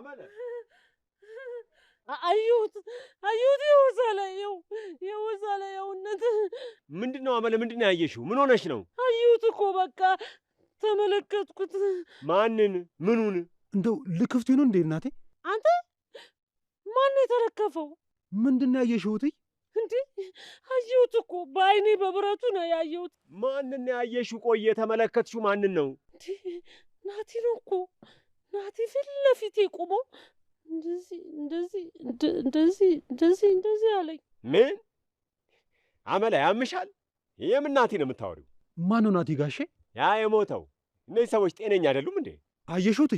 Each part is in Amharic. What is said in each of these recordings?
አመለ አዩት አዩት የወሰለ የው የወሰለ የውነት ምንድን ነው አመለ? ምንድን ነው ያየሽው? ምን ሆነሽ ነው? አዩት እኮ በቃ ተመለከትኩት። ማንን? ምኑን? እንደው ልክፍት ነው እንዴ? እናቴ አንተ ማን ነው የተረከፈው? ምንድን ነው ያየሽው? እትይ እንዴ አየሁት እኮ በአይኔ በብረቱ ነው ያየሁት። ማንን ነው ያየሽው? ቆይ የተመለከትሽው ማንን ነው? ናቲ ነው እኮ ናቲ ፊት ለፊቴ ቁሞ እንደዚህ እንደዚህ እንደዚህ እንደዚህ እንደዚህ አለኝ። ምን አመላ ያምሻል? የምን ናቲ ነው የምታወሪው? ማን ነው ናቲ? ጋሼ ያ የሞተው። እነዚህ ሰዎች ጤነኛ አይደሉም እንዴ? አየሹት?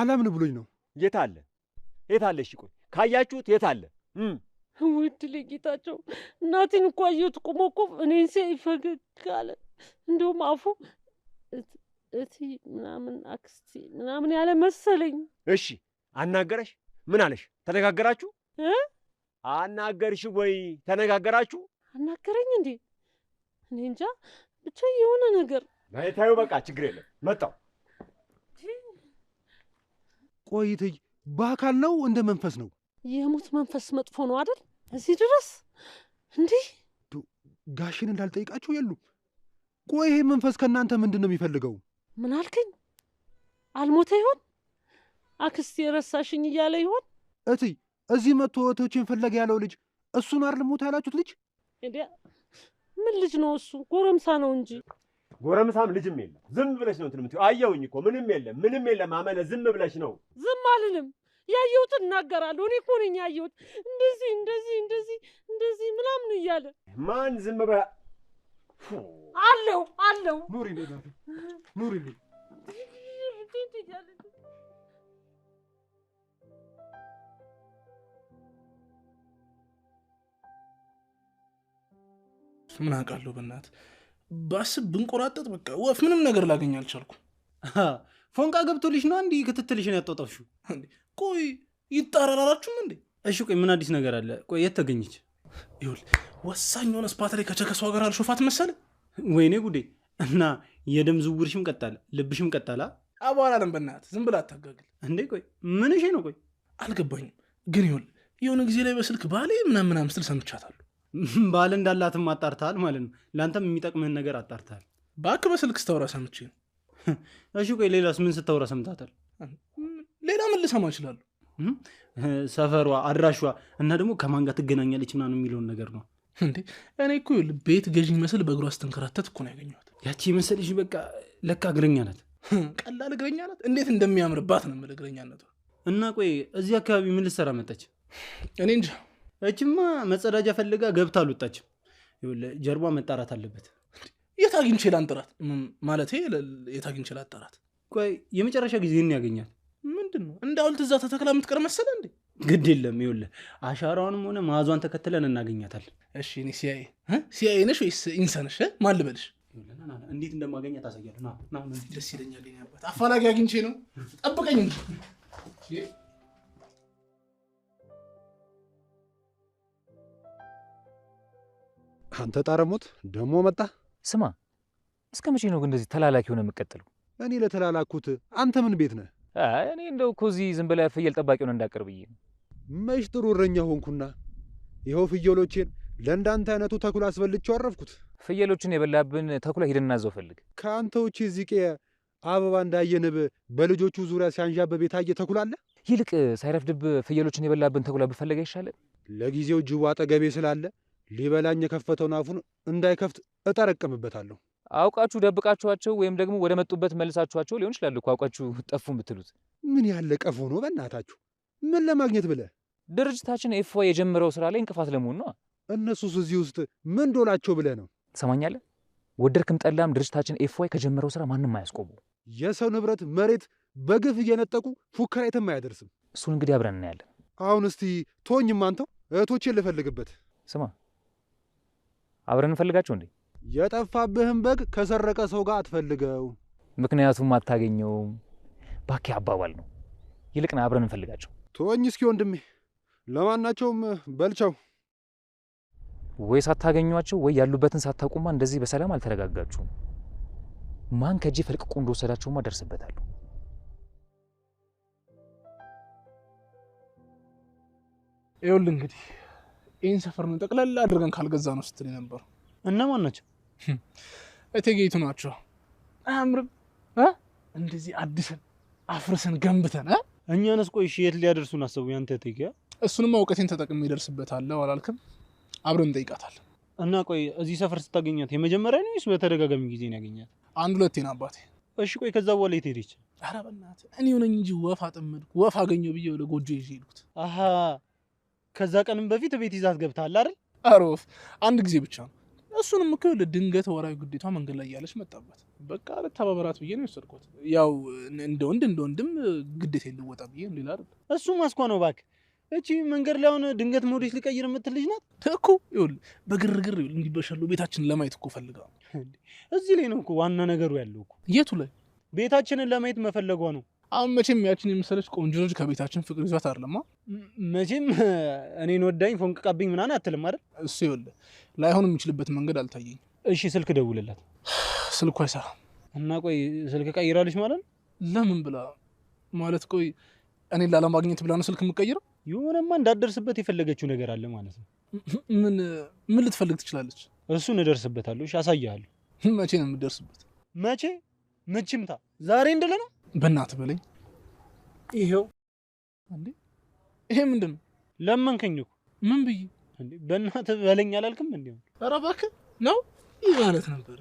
አላምን ብሎኝ ነው። የት አለ? የት አለ? እሺ ቆይ ካያችሁት የት አለ? ውድ ጌታቸው ናቲን እኮ አየሁት። ቁሞ እኮ እኔን ሲያይ ፈገግ አለ። እንደውም አፉ እቲ ምናምን አክስቲ ምናምን ያለ መሰለኝ። እሺ አናገረሽ? ምን አለሽ? ተነጋገራችሁ? አናገርሽ ወይ ተነጋገራችሁ? አናገረኝ እንዴ? እኔ እንጃ ብቻ የሆነ ነገር ታዩ። በቃ ችግር የለም መጣው። ቆይ በአካል ነው እንደ መንፈስ ነው? የሙት መንፈስ መጥፎ ነው አይደል? እዚህ ድረስ እንዲህ ጋሽን እንዳልጠይቃቸው የሉም። ቆይ ይሄ መንፈስ ከእናንተ ምንድን ነው የሚፈልገው? ምን አልክኝ? አልሞተ ይሆን? አክስቴ የረሳሽኝ እያለ ይሆን? እትይ እዚህ መጥቶ እህቶችን ፈለገ ያለው ልጅ እሱን አይደል ሞተ ያላችሁት ልጅ? እንዲያ ምን ልጅ ነው እሱ? ጎረምሳ ነው እንጂ ጎረምሳም ልጅም የለም። ዝም ብለሽ ነው እንትን የምትይው። አየሁኝ እኮ ምንም የለም፣ ምንም የለም። አመለ ዝም ብለሽ ነው። ዝም አልልም። ያየሁት እናገራለሁ። እኔ እኮ ነኝ ያየሁት። እንደዚህ እንደዚህ እንደዚህ እንደዚህ ምናምን እያለ ማን ዝም በ አለው አለው ኑሪ ኑሪ ምን አውቃለሁ በእናት ባስብ ብንቆራጠጥ በቃ ወፍ ምንም ነገር ላገኝ አልቻልኩ ፎንቃ ገብቶልሽ ነው እንዲህ ክትትልሽን ያጧጠፍሽው ቆይ ይጠራራራችሁም እንዴ እሺ ቆይ ምን አዲስ ነገር አለ ቆይ የት ተገኘች ይኸውልህ ወሳኝ የሆነ ስፓት ላይ ከቸከሷ ጋር አልሾፋት መሰለህ ወይኔ ጉዴ! እና የደም ዝውርሽም ቀጣለ፣ ልብሽም ቀጣላ። አቧራ ነን ዝም ብላ አታጋግል እንዴ! ቆይ ምንሽ ነው? ቆይ አልገባኝም። ግን ይሁን የሆነ ጊዜ ላይ በስልክ ባሌ ምናምን ምስል ሰምቻታሉ ባለ እንዳላትም አጣርታል ማለት ነው። ለአንተም የሚጠቅምህን ነገር አጣርታል በአክ በስልክ ስታወራ ሰምች ነው። እሺ ቆይ ሌላስ ምን ስታውራ ሰምታታል? ሌላ ምን ልሰማ ይችላሉ ሰፈሯ፣ አድራሿ እና ደግሞ ከማንጋ ትገናኛለች ምና የሚለውን ነገር ነው እንዴ እኔ እኮ ቤት ገዥ መስል በእግሯ ስትንከራተት እኮ ነው ያገኘኋት። ያቺ መሰልሽ በቃ ለካ እግረኛ ናት። ቀላል እግረኛ ናት። እንዴት እንደሚያምርባት ነው የምልህ እግረኛነቱ። እና ቆይ እዚህ አካባቢ ምን ልትሰራ መጣች? እኔ እንጃ። እችማ መጸዳጃ ፈልጋ ገብታ አልወጣችም። ጀርቧ መጣራት አለበት። የት አግኝቼ ላንጠራት? ማለት የት አግኝቼ ላጠራት? ቆይ የመጨረሻ ጊዜ ያገኛት ምንድን ነው? እንደ ሐውልት እዛ ተተክላ የምትቀር መሰለ እንዴ? ግድ የለም ይውል አሻራውንም ሆነ ማዟን ተከትለን እናገኛታል። እሺ እኔ ሲያይ ሲያይ ነሽ ወይስ ኢንሳነሽ ማን ልበልሽ? እንዴት እንደማገኛት ታሳያለህ። ደስ ይለኛል። ያባት አፋላጊ አግኝቼ ነው። ጠብቀኝ እንጂ አንተ ጣረሞት ደሞ መጣ። ስማ፣ እስከ መቼ ነው ግን እንደዚህ ተላላኪ ሆነ የምቀጥለው? እኔ ለተላላኩት አንተ ምን ቤት ነህ? እኔ እንደው እኮ እዚህ ዝም ብለህ ፍየል ጠባቂ ሆነ እንዳቀርብ ብዬ መች ጥሩ እረኛ ሆንኩና ይኸው ፍየሎቼን ለእንዳንተ አይነቱ ተኩላ አስበልቼው አረፍኩት። ፍየሎችን የበላብን ተኩላ ሂድና እዛው ፈልግ። ከአንተ ውጪ እዚህ አበባ እንዳየንብ በልጆቹ ዙሪያ ሲያንዣብብ የታየ ተኩላ አለ? ይልቅ ሳይረፍድብ ፍየሎችን የበላብን ተኩላ ብፈለግ አይሻልም? ለጊዜው ጅቡ አጠገቤ ስላለ ሊበላኝ የከፈተውን አፉን እንዳይከፍት እጠረቅምበታለሁ። አውቃችሁ ደብቃችኋቸው ወይም ደግሞ ወደ መጡበት መልሳችኋቸው ሊሆን ይችላል እኮ አውቃችሁ ጠፉ የምትሉት። ምን ያለ ቀፎ ነው በእናታችሁ! ምን ለማግኘት ብለ ድርጅታችን ኤፍ ዋይ የጀመረው ስራ ላይ እንቅፋት ለመሆን ነው። እነሱስ እዚህ ውስጥ ምን ዶላቸው ብለ ነው? ትሰማኛለህ? ወደድክም ጠላም ድርጅታችን ኤፍ ዋይ ከጀመረው ስራ ማንም አያስቆሙ። የሰው ንብረት መሬት በግፍ እየነጠቁ ፉከራ የትም አያደርስም። እሱን እንግዲህ አብረን እናያለን። አሁን እስቲ ቶኝም አንተው እህቶቼን ልፈልግበት። ስማ አብረን እንፈልጋቸው እንዴ የጠፋብህን በግ ከሰረቀ ሰው ጋር አትፈልገው፣ ምክንያቱም አታገኘውም። ባኪ አባባል ነው። ይልቅና አብረን እንፈልጋቸው። ተወኝ እስኪ ወንድሜ፣ ለማናቸውም በልቸው ወይ ሳታገኟቸው ወይ ያሉበትን ሳታውቁማ እንደዚህ በሰላም አልተረጋጋችሁም። ማን ከእጄ ፈልቅቆ እንደወሰዳቸውማ ደርስበታለሁ። ይኸውልህ እንግዲህ ይህን ሰፈር ነው ጠቅላላ አድርገን ካልገዛ ነው ስትል ነበር። እነማን ናቸው? እቴጌይቱ ናቸው። አያምርም? እንደዚህ አድሰን አፍርሰን ገንብተን እኛንስ ቆይ እሺ፣ የት ሊያደርሱን አሰቡ? ያንተ እቴጌ እሱንም እውቀቴን ተጠቅሜ ይደርስበታለሁ አላልክም? አብረን እንጠይቃታል። እና ቆይ እዚህ ሰፈር ስታገኛት የመጀመሪያ ነው ወይስ በተደጋጋሚ ጊዜ ነው ያገኛት? አንድ ሁለቴን አባቴ። እሺ ቆይ ከዛ በኋላ የት ሄደች? ኧረ በእናትህ እኔ ሆነኝ እንጂ ወፍ አጠመድኩ ወፍ አገኘው ብዬ ወደ ጎጆ ይዤ ሄድኩት። አሀ ከዛ ቀንም በፊት ቤት ይዛት ገብታል አይደል? ኧረ ወፍ አንድ ጊዜ ብቻ ነው እሱንም እኮ ድንገት ወራዊ ግዴቷ መንገድ ላይ እያለች መጣበት። በቃ ልተባበራት ብዬ ነው የወሰድኩት። ያው እንደ ወንድ እንደ ወንድም ግዴታ ልወጣ ብዬ ሌላ አይደል። እሱ ማስኳ ነው እባክህ። እቺ መንገድ ላይ አሁን ድንገት ሞዴስ ሊቀይር የምትል ልጅ ናት እኮ። ይኸውልህ በግርግር ይኸውልህ እንዲበሻሉ ቤታችንን ለማየት እኮ ፈልጋ። እዚህ ላይ ነው እኮ ዋና ነገሩ ያለው እኮ። የቱ ላይ? ቤታችንን ለማየት መፈለጓ ነው አሁን መቼም ያችን የመሰለች ቆንጆ ልጅ ከቤታችን ፍቅር ይዟት አይደለማ። መቼም እኔን ወዳኝ ፎንቅቃብኝ ምናን አትልም አይደል? እሱ ይኸውልህ፣ ላይሆን የሚችልበት መንገድ አልታየኝም። እሺ ስልክ ደውልላት። ስልኩ አይሰራ እና ቆይ ስልክ ቀይራለች ማለት ነው? ለምን ብላ ማለት ቆይ እኔን ላለማግኘት ብላ ነው ስልክ የምቀይረው? የሆነማ እንዳደርስበት የፈለገችው ነገር አለ ማለት ነው። ምን ምን ልትፈልግ ትችላለች? እሱን እደርስበታለሁ። እሺ አሳያለሁ። መቼ ነው የምደርስበት? መቼ መችምታ ዛሬ እንደለ ነው በእናትህ በለኝ። ይሄው እንዴ! ይሄ ምንድን ነው? ለመንከኝ እኮ ምን ብዬ እንዴ! በእናትህ በለኝ አላልክም እንዴ? ኧረ እባክህ ነው ይህ ማለት ነበር።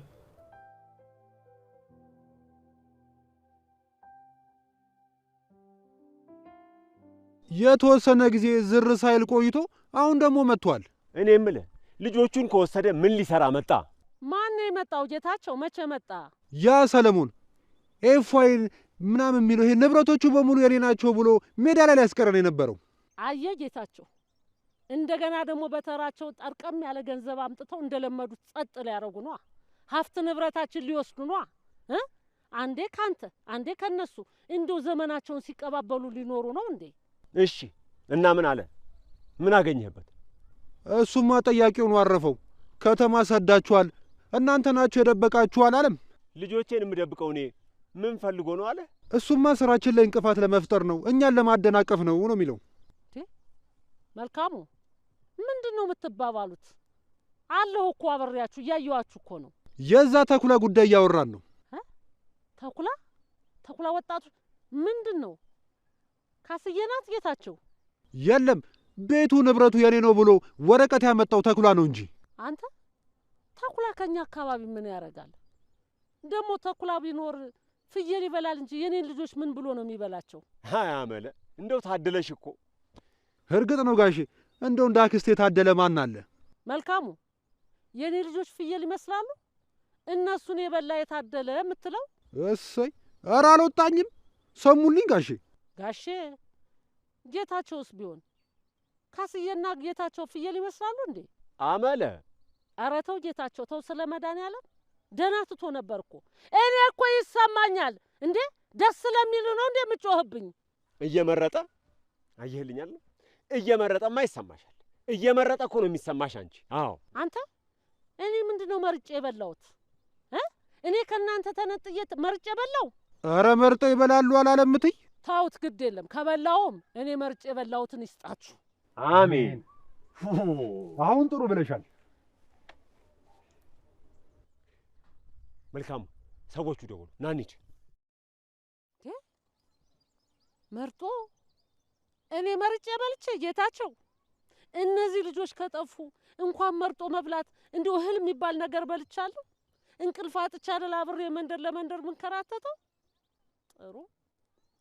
የተወሰነ ጊዜ ዝር ሳይል ቆይቶ አሁን ደግሞ መጥቷል። እኔ የምልህ ልጆቹን ከወሰደ ምን ሊሰራ መጣ? ማን ነው የመጣው? ጌታቸው መቼ መጣ? ያ ሰለሞን ፎይን ምናምን የሚለው ይሄ ንብረቶቹ በሙሉ የኔ ናቸው ብሎ ሜዳ ላይ ሊያስቀረን የነበረው አየ ጌታቸው እንደገና ደግሞ በተራቸው ጠርቀም ያለ ገንዘብ አምጥተው እንደለመዱት ጸጥ ሊያደረጉ ኗ ሀብት ንብረታችን ሊወስዱ ነዋ አንዴ ካንተ አንዴ ከነሱ እንዲው ዘመናቸውን ሲቀባበሉ ሊኖሩ ነው እንዴ? እሺ እና ምን አለ? ምን አገኘህበት? እሱማ ጠያቂውን አረፈው። ከተማ ሰዳችኋል፣ እናንተ ናችሁ የደበቃችኋል አለም። ልጆቼን የምደብቀው እኔ ምን ፈልጎ ነው አለ? እሱማ ስራችን ላይ እንቅፋት ለመፍጠር ነው፣ እኛን ለማደናቀፍ ነው ነው የሚለው። መልካሙ ምንድን ነው የምትባባሉት? አለሁ እኮ አበሬያችሁ፣ እያየኋችሁ እኮ ነው። የዛ ተኩላ ጉዳይ እያወራን ነው። ተኩላ ተኩላ ወጣቱ ምንድን ነው? ካስየናት ጌታቸው? የለም ቤቱ ንብረቱ የኔ ነው ብሎ ወረቀት ያመጣው ተኩላ ነው እንጂ። አንተ ተኩላ ከኛ አካባቢ ምን ያደርጋል ደግሞ? ተኩላ ቢኖር ፍየል ይበላል እንጂ የኔን ልጆች ምን ብሎ ነው የሚበላቸው? ሀያ አመለ እንደው ታደለሽ እኮ። እርግጥ ነው ጋሽ፣ እንደው እንደ አክስቴ የታደለ ማን አለ? መልካሙ የኔ ልጆች ፍየል ይመስላሉ? እነሱን የበላ የታደለ የምትለው? እሰይ! ኧረ አልወጣኝም። ሰሙልኝ ጋሼ። ጋሼ ጌታቸውስ ቢሆን ካስዬና ጌታቸው ፍየል ይመስላሉ እንዴ? አመለ፣ ኧረ ተው ጌታቸው፣ ተው ስለ ያለም ደህና ትቶ ነበር እኮ። እኔ እኮ ይሰማኛል እንዴ ደስ ስለሚል ነው እንዴ የምጮህብኝ። እየመረጠ አየህልኛል፣ እየመረጠማ ይሰማሻል። እየመረጠ እኮ ነው የሚሰማሽ አንቺ። አዎ አንተ እኔ ምንድን ነው መርጬ የበላሁት? እኔ ከእናንተ ተነጥዬ መርጬ የበላው? አረ መርጠው ይበላሉ አላለምትኝ። ታውት ግድ የለም ከበላውም እኔ መርጬ የበላሁትን ይስጣችሁ። አሜን። አሁን ጥሩ ብለሻል። መልካሙ ሰዎቹ ደውሉ ናንች መርጦ እኔ መርጬ በልቼ ጌታቸው እነዚህ ልጆች ከጠፉ እንኳን መርጦ መብላት እንዲሁ እህል የሚባል ነገር በልቻለሁ። እንቅልፍ አጥቻለሁ። አብሬ መንደር ለመንደር የምንከራተተው ጥሩ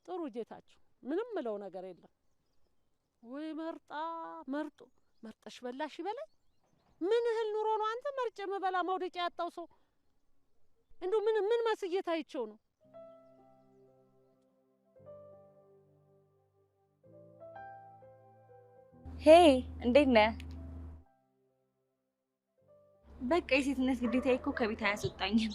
ጥሩ ጌታቸው፣ ምንም ምለው ነገር የለም። ወይ መርጣ መርጦ መርጠሽ በላሽ ይበላል። ምን እህል ኑሮ ነው አንተ መርጬ መበላ ማውደቂያ ያጣው ሰው እንዶ ምን ምን ማስየት አይቼው ነው? ሄይ እንዴት ነህ? በቃ የሴትነት ግዴታ እኮ ከቤት አያስወጣኝም።